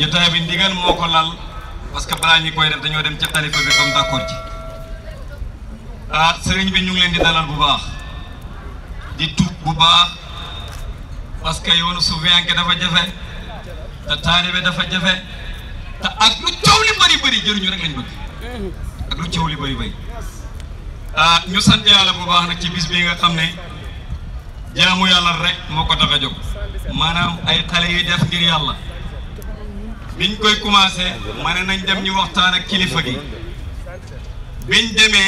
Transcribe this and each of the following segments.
jotaay bi ndigal moo ko lal parce que balaa ñi koy def dañoo dem ca xalifa bi comme d'accord ci ah sëriñ bi ñu ngi leen di dalal bu baax di tuub bu baax parce que yoonu suufiyanke dafa jafe te taalibe dafa jafe te ak lu coow li bëri bëri jëriñu rek lañ bëgg ak lu ah, ñu sant yàlla bu baax nag ci bis bi nga xam ne jaamu yàlla rek moo ko tax a jóg maanaam ay xale yuy def ngir yàlla biñ koy commencé mané nañ dem ñu waxtaan ak kilifa gi biñ démé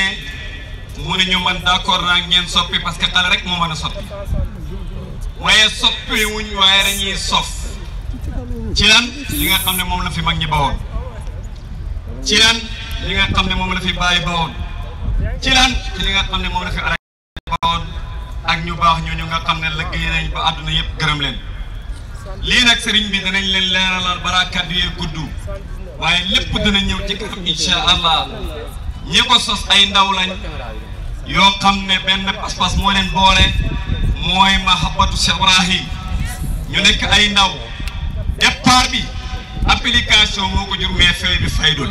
mu ñu man d'accord accord naa ngeen soppi parce que xal rek mo mëna soppi waye soppi wuñ waye dañuy sof ci lan li nga xamné mom la fi mag ñi bawoon ci lan li nga xamné mom la fi bàyyi bawoon ci lan ci li nga xamné mom la fi ara bawoon ak ñu baax ñu nga xamné ne lëggéey nañ ba aduna yépp gërëm leen lii nag sëriñ bi danañ leen leeralal balaa kàddu gudd waaye lépp dana ñëw ci kanam incha allah ñi ko sos ay ndaw lañ yoo xam ne benn pas moo leen boole mooy mahabbatu Cheikh Ibrahim ñu nekk ay ndaw départ bi application moo ko jur mais fay bi faydu la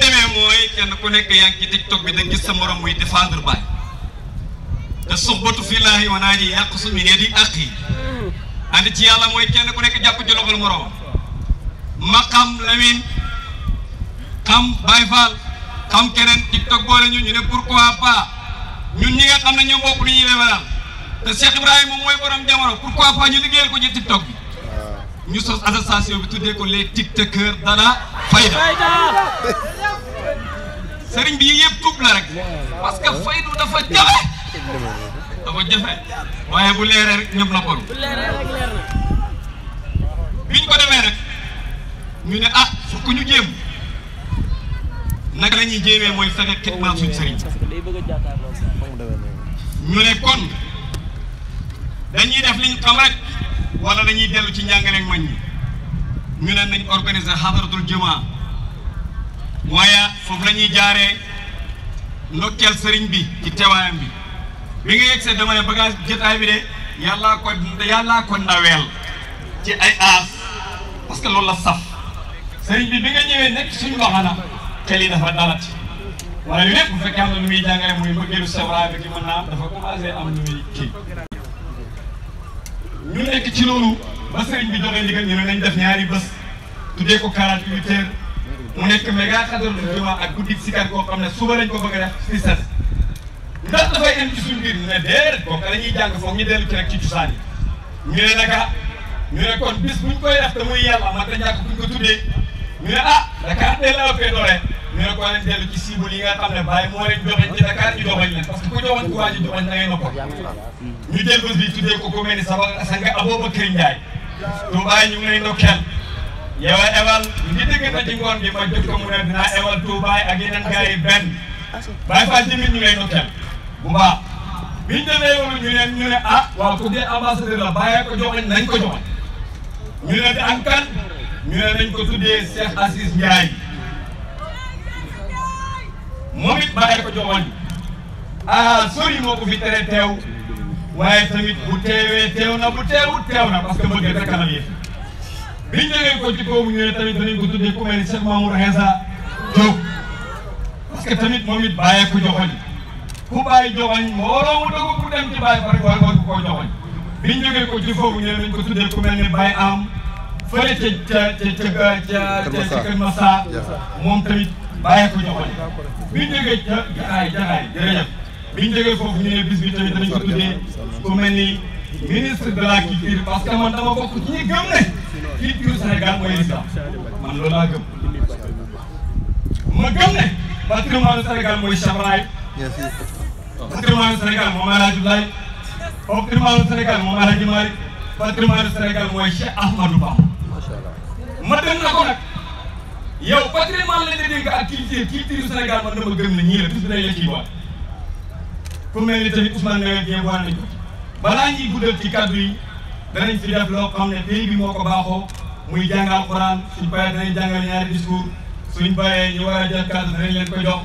demee mooy kenn ku nekk yaa ngi ci TikTok bi da gis sa morom muy défendre baay. tasubbatu filahi wa naaji yaqsu min yadi akhi andi ci yalla moy kenn ku nek japp ci loxol moroom ma xam Lamine xam Baye Fall xam tiktok bo lañu ñu ne pourquoi pas ñun ñi nga xam na ñu bokku ñi ñuy lebalal te Cheikh ibrahim moy borom jamoro pourquoi pas ñu liggéeyal ko ci tiktok bi ñu sos association bi tuddé ko les tiktokers dana fayda serigne bi yépp coupe la rek parce que faydu dafa jafe dafa jafe waaye bu leeree rek ñëpp noppalu biñ ko demee rek ñu ne ah fokk ñu jéem naka la ñuy jéemee mooy fexe kitmaan suñ sëriñ ñu ne kon dañuy def liñ xam rek wala dañuy dellu ci njàngaleeg mañ ñu ne nañ organiser xadaratul jumaa waaye foofu la ñuy jaaree ndokkeel sëriñ bi ci teewaayam bi bi nga yegg see dama ne bagage jotaay bi de yàllaa ko yàllaa ko ndaweel ci ay aas parce que loolu la saf sëriñ bi bi nga ñëwee nekk suñu loxo na xel yi dafa dalati wala yu nekk bu fekkee am na nu muy jàngale muy mbëggeelu sewraay bi ki mën naa dafa commencé am nu muy kii ñu nekk ci loolu ba sëriñ bi joxe ndigal ñu ne nañ def ñaari bés tuddee ko 48 heures mu nekk méga xadar lu juma ak guddi sikar koo xam ne suba lañ ko bëgg a def fi ses ndax dafay indi ci suñu mbir ñu ne déedéet kooku dañuy jàng foog ñu dellu ci rek ci cosaan yi ñu ne naka ñu ne kon bis buñ koy def te muy yàlla man da ñàkk buñ ko tuddee ñu ne ah Dakar teel a ëppee doole ñu ne koo leen dellu ci cible yi nga xam ne bàyyi moo leen joxeñ ci Dakar ñu joxeñ leen parce que ku joxoon ku waa ji joxeñ da ngay noppal ñu jël bés bi tuddee ko ku mel ni sama sanga Aboubacar Ndiaye Touba ñu ngi lay ndokkeel yow ewal ngi dégg na ci ngoon bi ma jot ko mu ne dinaa ewal Touba ak yeneen gars yi benn Baye Fall tamit ñu ngi lay ndokkeel bu baax biñ demee loolu ñu ne ah waaw ku dee ambassadeur la bàyyee ko joxoñ nañ ko joxoñ ñu ne di am kan ñu ne nañ ko tuddee Cheikh Assis Ndiaye moom it bàyyee ko joxoñ ah sori moo ko fi tere teew waaye tamit bu teewee teew na bu teewut teew na parce que bëgg rek kanam yi biñ jógee ko ci koomu ñu ne tamit danañ ko tuddee ku mel ni Cheikh Mamour Insa Diop parce que tamit moom it bàyyee ko joxoñ ku bàyyi joxoñ mbooloo mu dogu ku dem ci bàyyi pare war war ko joxoñ biñ jógee ko ci foofu ne lañ ko tuddee ku mel ni Baye Am fële ca ca ca Massa moom tamit bàyyi ko joxoñ biñ jógee ca jaxaay jaxaay jërëjëf biñ jógee foofu ñu ne bis bi tamit ministre de la culture parce que man dama bokk ci ñi gëm ne culture Sénégal mooy islam man loolu laa gëm ma gëm ne patrimoine Sénégal mooy Cheikh Ibrahim patrimoine Sénégal moom El Hadj Abdoulaye patrimoine Sénégal moom El Hadj Malick patrimoine Sénégal mooy Cheikh Ahmadou Bamba ma dem na ko nag yow patrimoine lañ la dégg ak culture culture yu Sénégal man dama gëm ne ñii la tudd nañ la ciy boole ku mel ni tamit Ousmane Ndeye Dieng boole nañ ko balaa ñuy guddal ci kaddu yi danañ fi def loo xam ne pays bi moo ko baaxoo muy jàngal Alxuraan suñ paree danañ jàngal ñaari discours suñ paree ñu war a jël kaddu danañ leen ko jox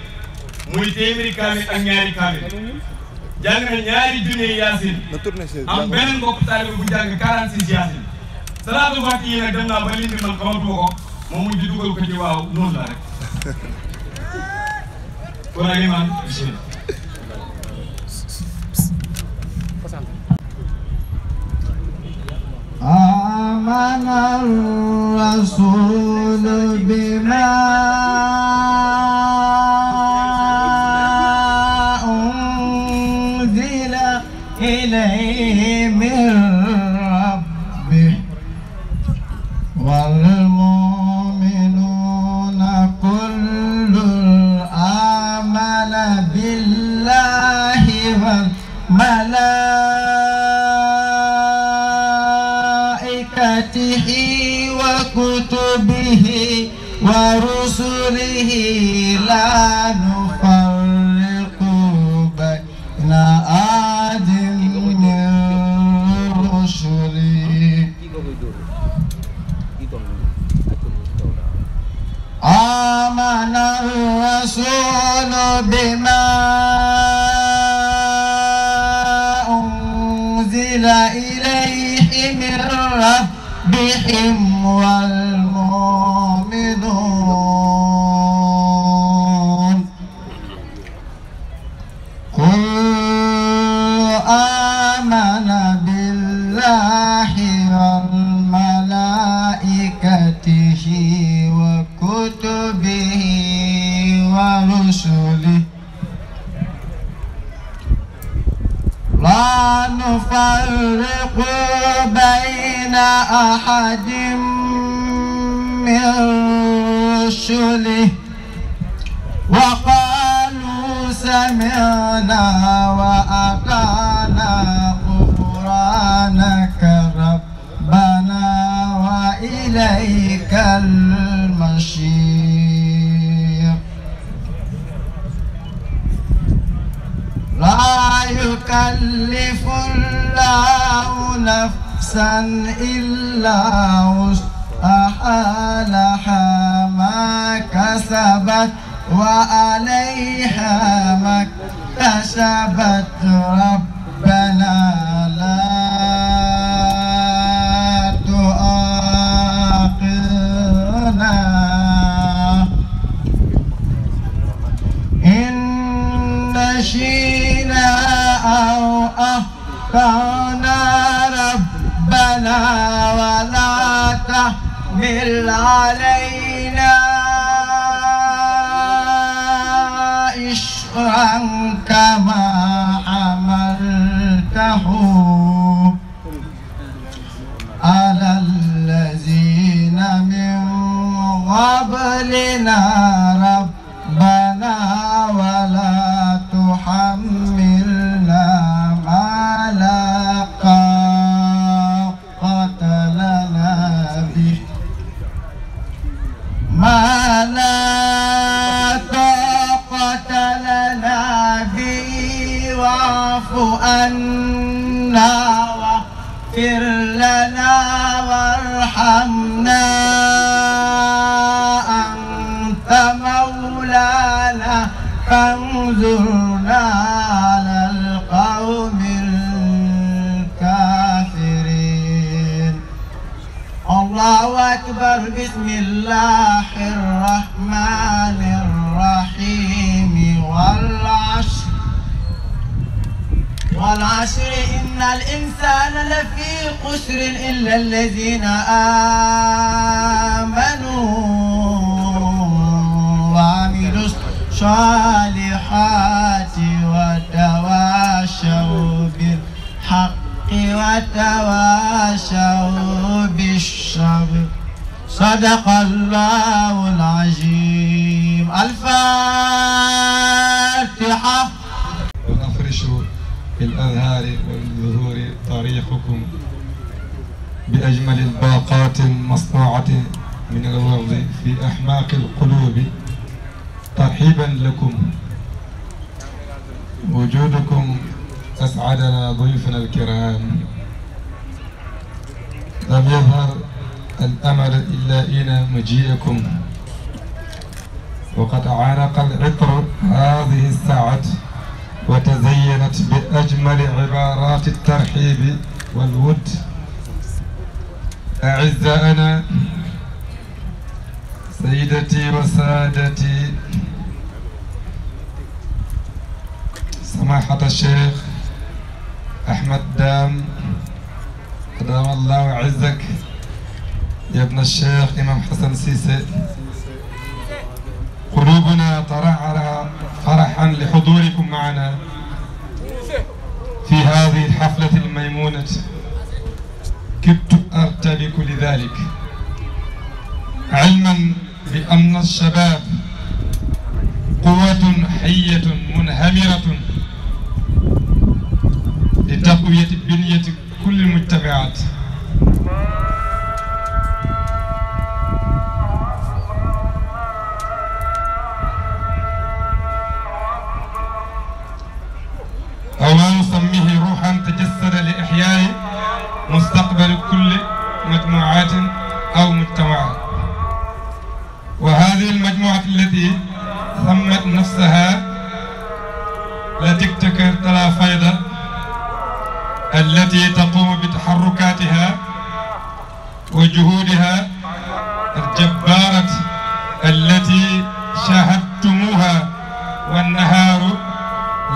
muy téeméeri kaamil ak ñaari kaamil jàng ñaari junne yaasin am beneen mbokk taalibe bu jàng 46 yaasin salaatu fàtti yi nag dem naa ba lim bi man xamatuma dugal ko ci waaw noonu la rek kon ak iman bismillah آمن الرسول آياته وكتبه ورسله لا نفرق بين أحد من رسله آمن الرسول بما Hacemos سمعنا وأطعنا غفرانك ربنا وإليك المشير لا يكلف الله نفسا إلا وسعها لها ما كسبت وعليها ما اكتسبت رب না انظرنا على القوم الكافرين الله أكبر بسم الله الرحمن الرحيم والعشر والعشر إن الإنسان لفي قسر إلا الذين آمنوا الصالحات وتواشوا بالحق وتواشوا بالصبر صدق الله العظيم الفاتحة ونفرش بالأنهار والزهور طريقكم بأجمل الباقات المصنوعة من الورد في أحماق القلوب ترحيبا لكم وجودكم أسعدنا ضيوفنا الكرام لم يظهر الأمل إلا إلى مجيئكم وقد عانق العطر هذه الساعة وتزينت بأجمل عبارات الترحيب والود أعزائنا سيدتي وسادتي سماحة الشيخ أحمد دام قدام الله وعزك يا ابن الشيخ إمام حسن سيسي قلوبنا ترعرع فرحا لحضوركم معنا في هذه الحفلة الميمونة كدت أرتبك لذلك علما بأن الشباب قوة حية منهمرة لتقوية بنية كل المجتمعات إنكار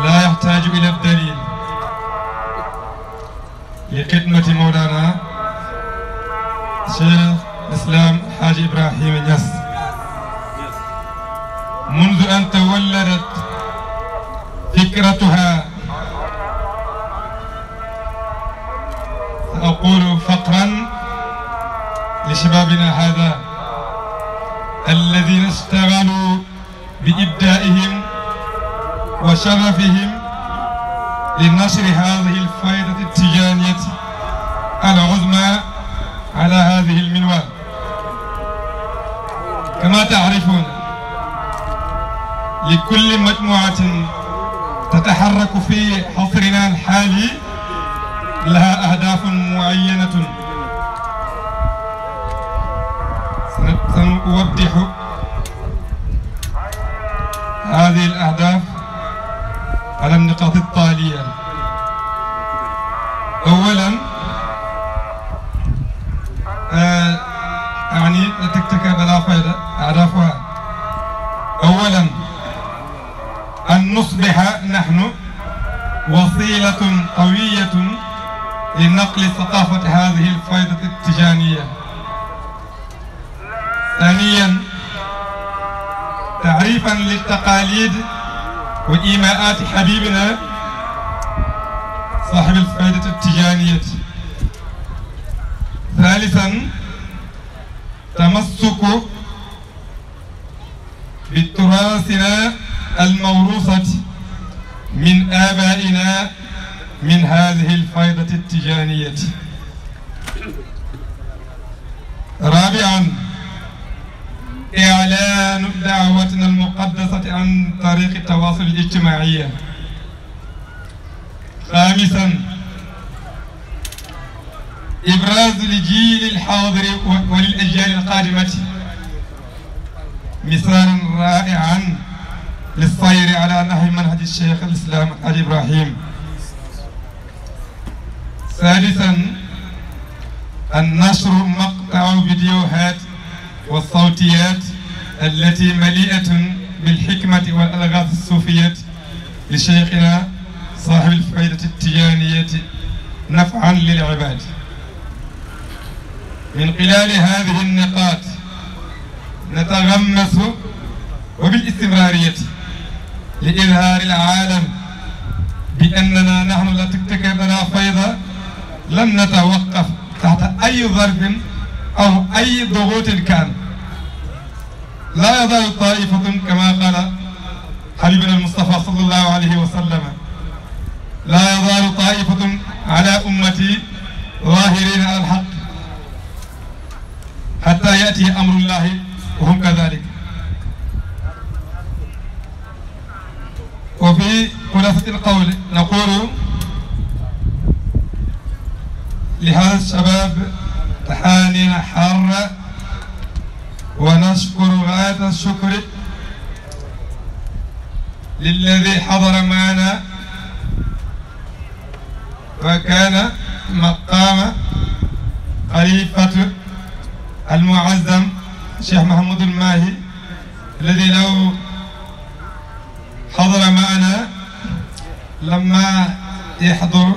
لا يحتاج إلى الدليل لخدمة مولانا شيخ الإسلام حاج إبراهيم يس منذ أن تولدت فكرتها سأقول فقرا لشبابنا هذا الذين اشتغلوا بإبدائهم وشغفهم لنشر هذه الفائدة التجارية العظمى على هذه المنوال كما تعرفون لكل مجموعة تتحرك في حصرنا الحالي لها أهداف معينة سنوضح هذه الأهداف النقاط التالية أولا آه يعني تكتك بلا فائدة أعرفها أولا أن نصبح نحن وسيلة قوية لنقل ثقافة هذه الفائدة التجانية ثانيا تعريفا للتقاليد وإيماءات حبيبنا صاحب الفائدة التجارية ثالثا تمسك بتراثنا الموروثة من آبائنا من هذه الفائدة التجارية رابعا إعلان دعوتنا المقدسة عن طريق التواصل الاجتماعي خامسا إبراز لجيل الحاضر وللأجيال القادمة مثالا رائعا للسير على نهج منهج الشيخ الإسلام علي إبراهيم سادسا النشر مقطع فيديوهات والصوتيات التي مليئة بالحكمة والألغاز الصوفية لشيخنا صاحب الفائدة التيانية نفعا للعباد من خلال هذه النقاط نتغمس وبالاستمرارية لإظهار العالم بأننا نحن لا تكتكبنا فيضا فيضة لن نتوقف تحت أي ظرف أو أي ضغوط كان لا يزال طائفة كما قال حبيبنا المصطفى صلى الله عليه وسلم لا يزال طائفة على أمتي ظاهرين على الحق حتى يأتي أمر الله وهم كذلك وفي خلاصة القول نقول لهذا الشباب حالنا حارة ونشكر غاية الشكر للذي حضر معنا وكان مقام خليفة المعزم الشيخ محمود الماهي الذي لو حضر معنا لما يحضر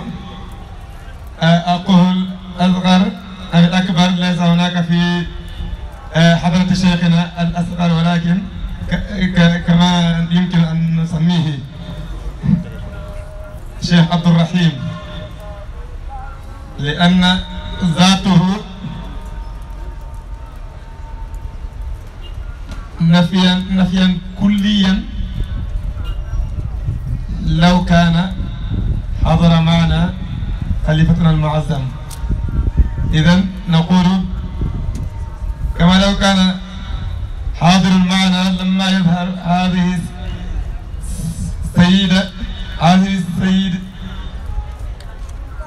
كما يمكن أن نسميه شيخ عبد الرحيم لأن ذاته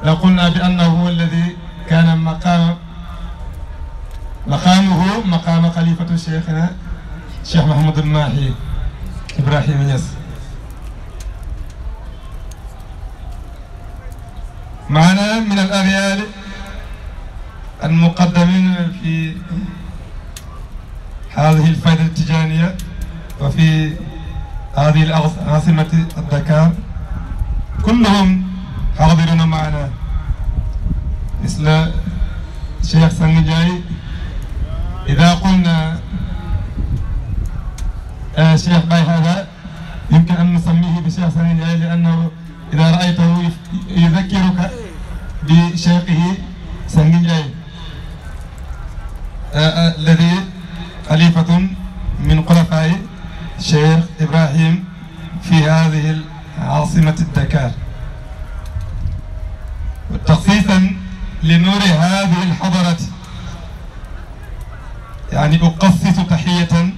لقلنا بأنه هو الذي كان مقام مقامه مقام خليفة شيخنا الشيخ محمود الماحي إبراهيم يس معنا من الأغيال المقدمين في هذه الفائدة التجانيه وفي هذه العاصمة الدكار مثل الشيخ سنجاي إذا قلنا آه شيخ باي هذا يمكن أن نسميه بشيخ سنجاي لأنه إذا رأيته يذكرك بشيخه سنجاي آه، آه، الذي خليفة من خلفاء الشيخ إبراهيم في هذه العاصمة الدكار لنور هذه الحضرة يعني أقصص تحية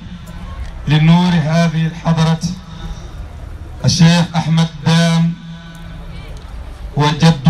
لنور هذه الحضرة الشيخ أحمد دام وجد